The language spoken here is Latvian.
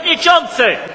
przewodniczący!